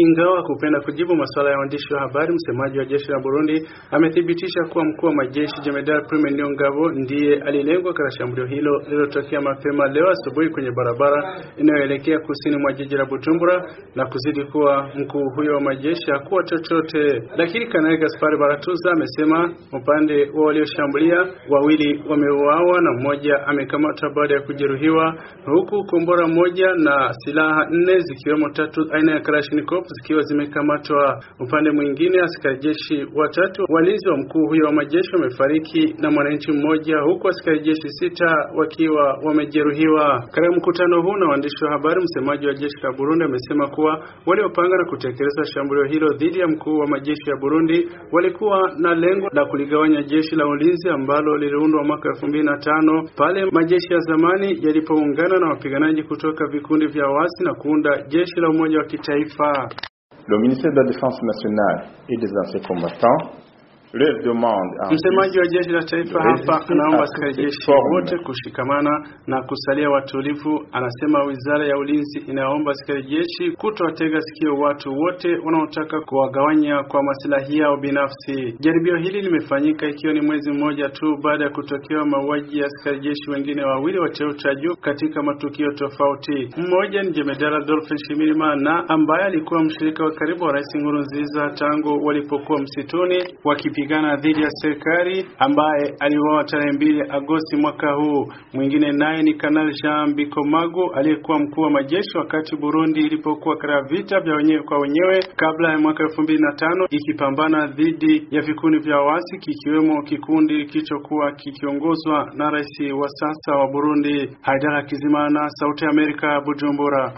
Ingawa kupenda kujibu masuala ya waandishi wa habari, msemaji wa jeshi la Burundi amethibitisha kuwa mkuu wa majeshi Jemedari Prime Niyongabo ndiye alilengwa katika shambulio hilo lililotokea mapema leo asubuhi kwenye barabara inayoelekea kusini mwa jiji la butumbura na kuzidi kuwa mkuu huyo wa majeshi hakuwa chochote. Lakini Kanali Gaspari Baratuza amesema upande wa walioshambulia wawili wameuawa na mmoja amekamatwa baada ya kujeruhiwa, huku kombora moja na silaha nne zikiwemo tatu aina ya Kalashnikov zikiwa zimekamatwa. Upande mwingine, askari jeshi watatu walinzi wa mkuu huyo wa majeshi wamefariki na mwananchi mmoja, huku askari jeshi sita wakiwa wamejeruhiwa. Katika mkutano huu na waandishi wa habari, msemaji wa jeshi la Burundi amesema kuwa waliopanga na kutekeleza shambulio hilo dhidi ya mkuu wa majeshi ya Burundi walikuwa na lengo la kuligawanya jeshi la ulinzi ambalo liliundwa mwaka elfu mbili na tano pale majeshi ya zamani yalipoungana na wapiganaji kutoka vikundi vya wasi na kuunda jeshi la umoja wa kitaifa. Le ministère de la Défense nationale et des anciens combattants Msemaji wa jeshi la taifa hapa anaomba askari jeshi wote kushikamana na kusalia watulivu. Anasema wizara ya ulinzi inaomba askari jeshi kutowatega sikio watu wote wanaotaka kuwagawanya kwa masilahi yao binafsi. Jaribio hili limefanyika ikiwa ni mwezi mmoja tu baada ya kutokewa mauaji ya askari jeshi wengine wawili wa cheo cha juu katika matukio tofauti. Mmoja ni Jemedara Dolphin Shimirimana ambaye alikuwa mshirika wa karibu wa Rais Nkurunziza tangu walipokuwa msituni waki kupigana dhidi ya serikali ambaye aliuawa tarehe mbili Agosti mwaka huu. Mwingine naye ni Kanali Jean Bikomagu aliyekuwa mkuu wa majeshi wakati Burundi ilipokuwa katika vita vya wenyewe kwa wenyewe kabla ya mwaka elfu mbili na tano ikipambana dhidi ya vikundi vya wasi kikiwemo kikundi kilichokuwa kikiongozwa na rais wa sasa wa Burundi Haidara Kizimana. Sauti ya Amerika, Bujumbura.